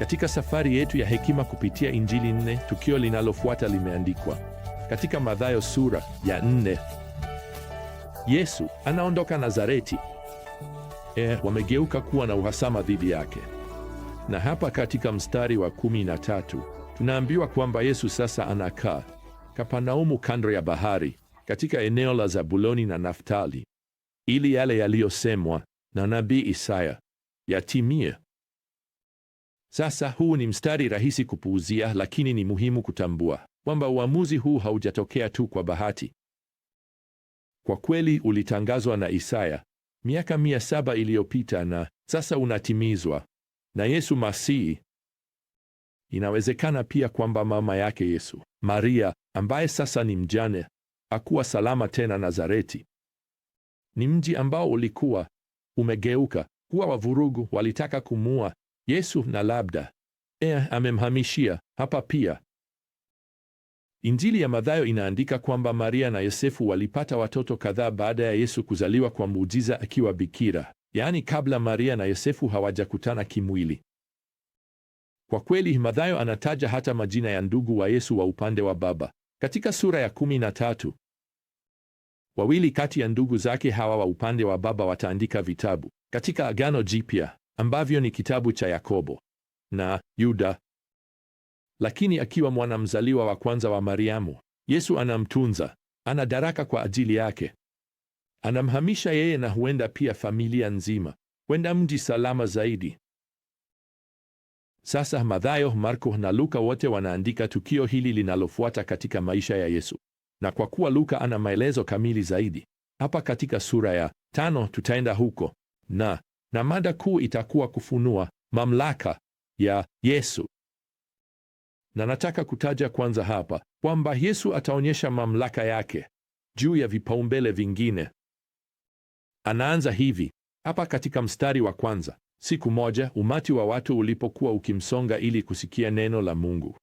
Katika safari yetu ya hekima kupitia Injili nne, tukio linalofuata limeandikwa katika Mathayo sura ya nne. Yesu anaondoka Nazareti. E, wamegeuka kuwa na uhasama dhidi yake, na hapa katika mstari wa kumi na tatu tunaambiwa kwamba Yesu sasa anakaa Kapanaumu, kando ya bahari, katika eneo la Zabuloni na Naftali, ili yale yaliyosemwa na nabii Isaya yatimie. Sasa huu ni mstari rahisi kupuuzia, lakini ni muhimu kutambua kwamba uamuzi huu haujatokea tu kwa bahati. Kwa kweli ulitangazwa na Isaya miaka mia saba iliyopita na sasa unatimizwa na Yesu Masihi. Inawezekana pia kwamba mama yake Yesu, Maria, ambaye sasa ni mjane, akuwa salama tena Nazareti. Ni mji ambao ulikuwa umegeuka kuwa wavurugu, walitaka kumua Yesu na labda e, amemhamishia hapa pia. Injili ya Mathayo inaandika kwamba Maria na Yosefu walipata watoto kadhaa baada ya Yesu kuzaliwa kwa muujiza akiwa bikira, yaani kabla Maria na Yosefu hawajakutana kimwili. Kwa kweli, Mathayo anataja hata majina ya ndugu wa Yesu wa upande wa baba katika sura ya kumi na tatu. Wawili kati ya ndugu zake hawa wa upande wa baba wataandika vitabu katika Agano Jipya ambavyo ni kitabu cha Yakobo na Yuda. Lakini akiwa mwanamzaliwa wa kwanza wa Mariamu, Yesu anamtunza, ana daraka kwa ajili yake, anamhamisha yeye na huenda pia familia nzima kwenda mji salama zaidi. Sasa Mathayo, Marko na Luka wote wanaandika tukio hili linalofuata katika maisha ya Yesu, na kwa kuwa Luka ana maelezo kamili zaidi hapa katika sura ya tano, tutaenda huko na na mada kuu itakuwa kufunua mamlaka ya Yesu. Na nataka kutaja kwanza hapa kwamba Yesu ataonyesha mamlaka yake juu ya vipaumbele vingine. Anaanza hivi hapa katika mstari wa kwanza: siku moja umati wa watu ulipokuwa ukimsonga ili kusikia neno la Mungu,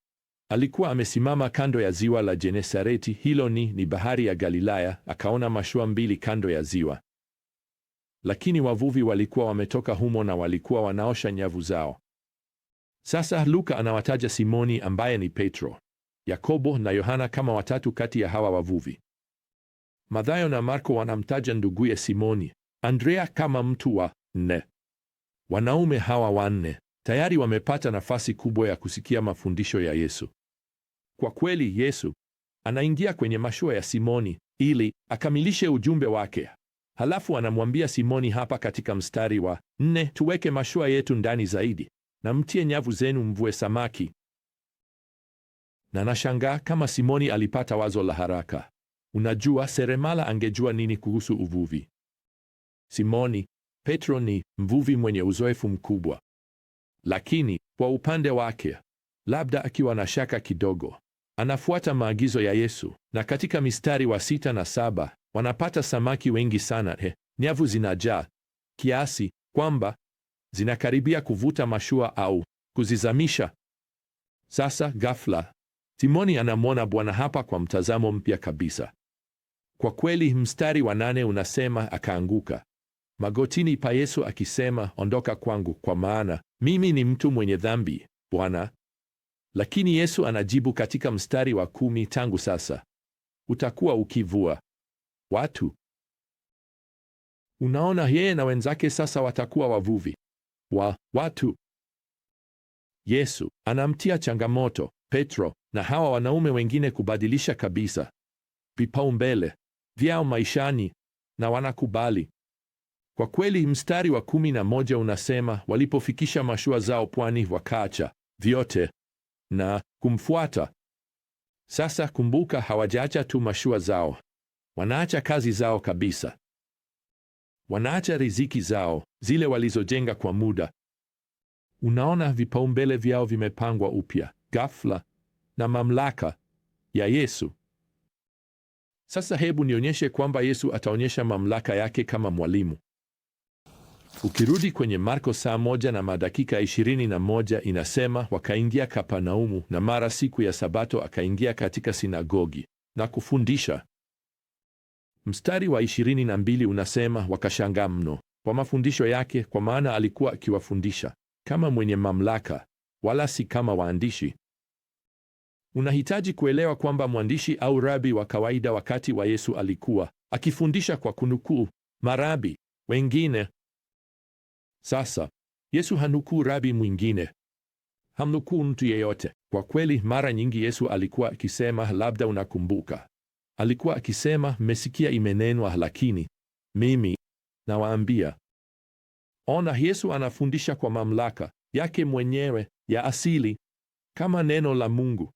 alikuwa amesimama kando ya ziwa la Genesareti, hilo ni ni bahari ya Galilaya. Akaona mashua mbili kando ya ziwa, lakini wavuvi walikuwa wametoka humo na walikuwa wanaosha nyavu zao. Sasa Luka anawataja Simoni ambaye ni Petro, Yakobo na Yohana kama watatu kati ya hawa wavuvi. Mathayo na Marko wanamtaja nduguye Simoni Andrea kama mtu wa nne. Wanaume hawa wanne tayari wamepata nafasi kubwa ya kusikia mafundisho ya Yesu. Kwa kweli Yesu anaingia kwenye mashua ya Simoni ili akamilishe ujumbe wake Halafu anamwambia Simoni hapa katika mstari wa nne, tuweke mashua yetu ndani zaidi na mtie nyavu zenu mvue samaki. Na nashangaa kama Simoni alipata wazo la haraka. Unajua, seremala angejua nini kuhusu uvuvi? Simoni Petro ni mvuvi mwenye uzoefu mkubwa, lakini kwa upande wake, labda akiwa na shaka kidogo, anafuata maagizo ya Yesu, na katika mistari wa sita na saba wanapata samaki wengi sana. He, nyavu zinajaa kiasi kwamba zinakaribia kuvuta mashua au kuzizamisha. Sasa ghafla simoni anamwona Bwana hapa kwa mtazamo mpya kabisa. Kwa kweli, mstari wa nane unasema akaanguka magotini pa Yesu akisema, ondoka kwangu, kwa maana mimi ni mtu mwenye dhambi, Bwana. Lakini Yesu anajibu katika mstari wa kumi, tangu sasa utakuwa ukivua watu. Unaona, yeye na wenzake sasa watakuwa wavuvi wa watu. Yesu anamtia changamoto Petro na hawa wanaume wengine kubadilisha kabisa vipaumbele vyao maishani, na wanakubali kwa kweli. Mstari wa kumi na moja unasema walipofikisha mashua zao pwani, wakaacha vyote na kumfuata. Sasa kumbuka, hawajaacha tu mashua zao, Wanaacha kazi zao kabisa, wanaacha riziki zao zile walizojenga kwa muda. Unaona, vipaumbele vyao vimepangwa upya ghafla na mamlaka ya Yesu. Sasa hebu nionyeshe kwamba Yesu ataonyesha mamlaka yake kama mwalimu. Ukirudi kwenye Marko saa moja na madakika ishirini na moja inasema, wakaingia Kapanaumu, na mara siku ya Sabato akaingia katika sinagogi na kufundisha. Mstari wa ishirini na mbili unasema wakashangaa mno kwa mafundisho yake, kwa maana alikuwa akiwafundisha kama mwenye mamlaka, wala si kama waandishi. Unahitaji kuelewa kwamba mwandishi au rabi wa kawaida wakati wa Yesu alikuwa akifundisha kwa kunukuu marabi wengine. Sasa Yesu hanukuu rabi mwingine, hamnukuu mtu yeyote. Kwa kweli, mara nyingi Yesu alikuwa akisema, labda unakumbuka Alikuwa akisema, mmesikia imenenwa, lakini mimi nawaambia. Ona, Yesu anafundisha kwa mamlaka yake mwenyewe ya asili kama neno la Mungu.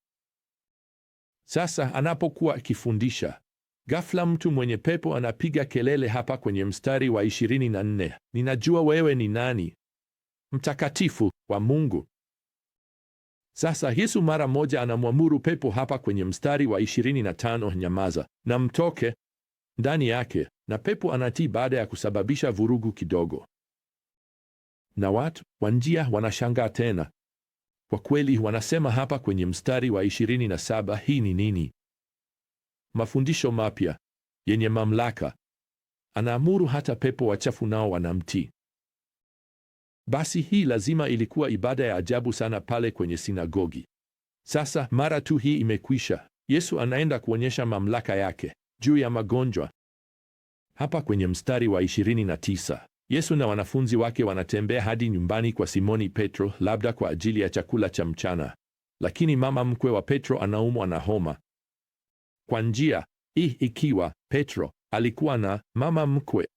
Sasa anapokuwa akifundisha, ghafla mtu mwenye pepo anapiga kelele hapa kwenye mstari wa 24, ninajua wewe ni nani, mtakatifu wa Mungu. Sasa Yesu mara moja anamwamuru pepo hapa kwenye mstari wa 25, nyamaza na mtoke ndani yake, na pepo anatii baada ya kusababisha vurugu kidogo, na watu wa njia wanashangaa tena. Kwa kweli wanasema hapa kwenye mstari wa 27, hii ni nini? Mafundisho mapya yenye mamlaka. Anaamuru hata pepo wachafu nao wanamtii. Basi hii lazima ilikuwa ibada ya ajabu sana pale kwenye sinagogi. Sasa mara tu hii imekwisha, Yesu anaenda kuonyesha mamlaka yake juu ya magonjwa. Hapa kwenye mstari wa 29, Yesu na wanafunzi wake wanatembea hadi nyumbani kwa Simoni Petro, labda kwa ajili ya chakula cha mchana, lakini mama mkwe wa Petro anaumwa na homa. Kwa njia hii, ikiwa Petro alikuwa na mama mkwe,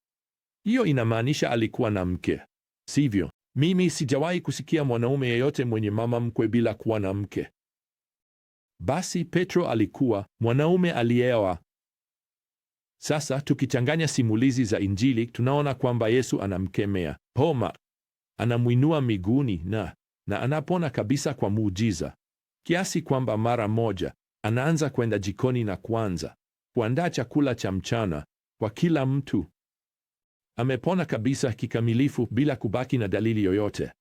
hiyo inamaanisha alikuwa na mke, sivyo? Mimi sijawahi kusikia mwanaume yeyote mwenye mama mkwe bila kuwa na mke. Basi Petro alikuwa mwanaume aliyeoa. Sasa tukichanganya simulizi za Injili, tunaona kwamba Yesu anamkemea poma, anamwinua miguuni na na anapona kabisa kwa muujiza, kiasi kwamba mara moja anaanza kwenda jikoni na kuanza kuandaa chakula cha mchana kwa kila mtu. Amepona kabisa kikamilifu bila kubaki na dalili yoyote.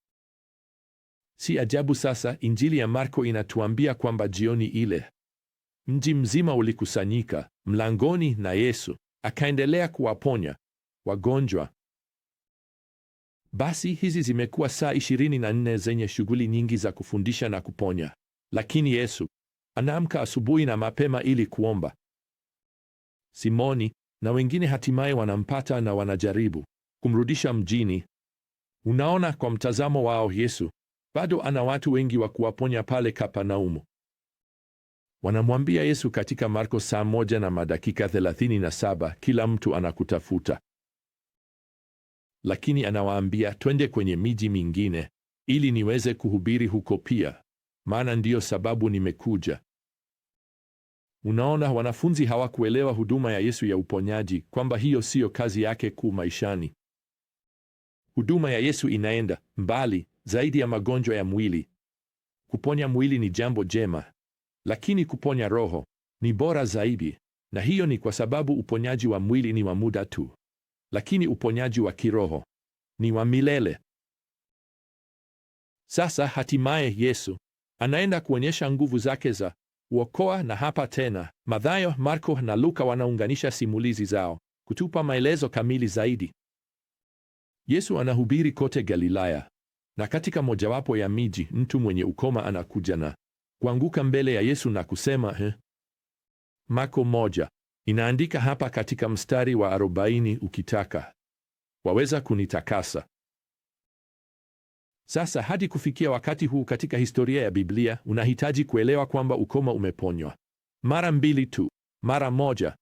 Si ajabu sasa Injili ya Marko inatuambia kwamba jioni ile mji mzima ulikusanyika mlangoni na Yesu akaendelea kuwaponya wagonjwa. Basi hizi zimekuwa saa 24 zenye shughuli nyingi za kufundisha na kuponya, lakini Yesu anaamka asubuhi na mapema ili kuomba. Simoni na wengine hatimaye wanampata na wanajaribu kumrudisha mjini. Unaona, kwa mtazamo wao Yesu bado ana watu wengi wa kuwaponya pale Kapernaumu. Wanamwambia Yesu katika Marko saa moja na madakika saba kila mtu anakutafuta, lakini anawaambia twende kwenye miji mingine ili niweze kuhubiri huko pia, maana ndiyo sababu nimekuja. Unaona, wanafunzi hawakuelewa huduma ya Yesu ya uponyaji, kwamba hiyo siyo kazi yake kuu maishani. Huduma ya Yesu inaenda mbali zaidi ya magonjwa ya mwili. Kuponya mwili ni jambo jema, lakini kuponya roho ni bora zaidi, na hiyo ni kwa sababu uponyaji wa mwili ni wa muda tu, lakini uponyaji wa kiroho ni wa milele. Sasa hatimaye Yesu anaenda kuonyesha nguvu zake za uokoa. Na hapa tena Mathayo, Marko na Luka wanaunganisha simulizi zao kutupa maelezo kamili zaidi. Yesu anahubiri kote Galilaya, na katika mojawapo ya miji mtu mwenye ukoma anakuja na kuanguka mbele ya Yesu na kusema he. Marko moja inaandika hapa katika mstari wa arobaini, ukitaka waweza kunitakasa. Sasa hadi kufikia wakati huu katika historia ya Biblia, unahitaji kuelewa kwamba ukoma umeponywa mara mbili tu, mara moja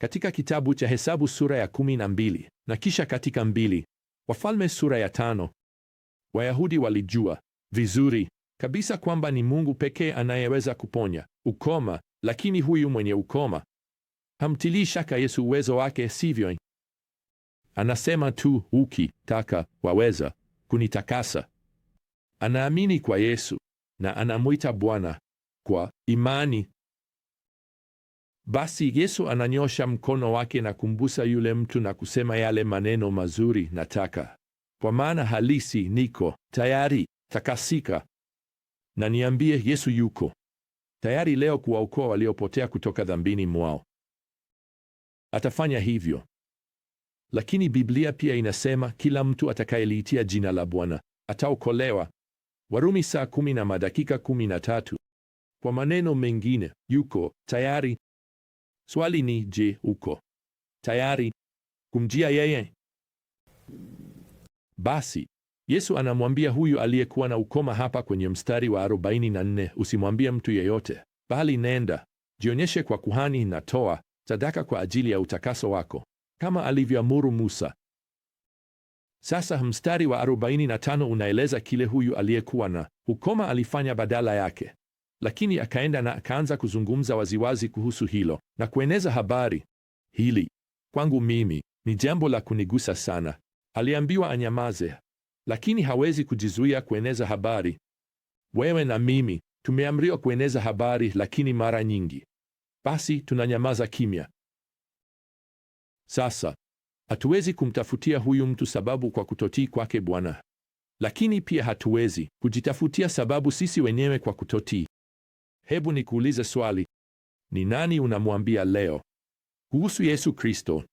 katika kitabu cha Hesabu sura ya kumi na mbili na kisha katika mbili Wafalme sura ya tano. Wayahudi walijua vizuri kabisa kwamba ni Mungu pekee anayeweza kuponya ukoma, lakini huyu mwenye ukoma hamtilii shaka Yesu uwezo wake, sivyo? Anasema tu ukitaka, waweza kunitakasa. Anaamini kwa Yesu na anamwita Bwana kwa imani. Basi Yesu ananyosha mkono wake na kumbusa yule mtu na kusema yale maneno mazuri, nataka, kwa maana halisi niko tayari, takasika. Na niambie, Yesu yuko tayari leo kuwaokoa waliopotea kutoka dhambini mwao. Atafanya hivyo. Lakini Biblia pia inasema kila mtu atakayeliitia jina la Bwana ataokolewa. Warumi saa kumi na madakika kumi na tatu. Kwa maneno mengine, yuko tayari. Swali ni je, uko tayari kumjia yeye? Basi Yesu anamwambia huyu aliyekuwa na ukoma hapa kwenye mstari wa 44, usimwambie mtu yeyote, bali nenda jionyeshe kwa kuhani na toa sadaka kwa ajili ya utakaso wako kama alivyoamuru Musa. Sasa mstari wa 45 unaeleza kile huyu aliyekuwa na ukoma alifanya badala yake, lakini akaenda na akaanza kuzungumza waziwazi kuhusu hilo na kueneza habari hili. Kwangu mimi ni jambo la kunigusa sana. Aliambiwa anyamaze, lakini hawezi kujizuia kueneza habari. Wewe na mimi tumeamriwa kueneza habari, lakini mara nyingi basi tunanyamaza kimya. Sasa Hatuwezi kumtafutia huyu mtu sababu kwa kutotii kwake Bwana, lakini pia hatuwezi kujitafutia sababu sisi wenyewe kwa kutotii. Hebu nikuulize swali, ni nani unamwambia leo kuhusu Yesu Kristo?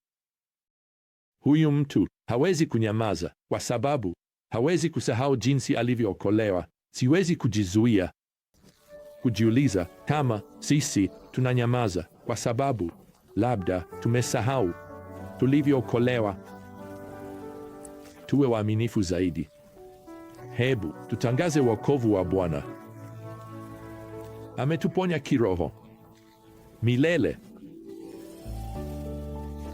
Huyu mtu hawezi kunyamaza kwa sababu hawezi kusahau jinsi alivyookolewa. Siwezi kujizuia kujiuliza kama sisi tunanyamaza kwa sababu labda tumesahau tulivyookolewa. Tuwe waaminifu zaidi. Hebu tutangaze wokovu wa Bwana. Ametuponya kiroho milele.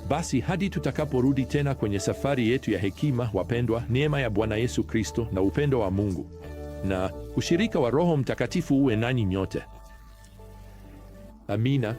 Basi hadi tutakaporudi tena kwenye safari yetu ya hekima, wapendwa, neema ya Bwana Yesu Kristo na upendo wa Mungu na ushirika wa Roho Mtakatifu uwe nanyi nyote. Amina.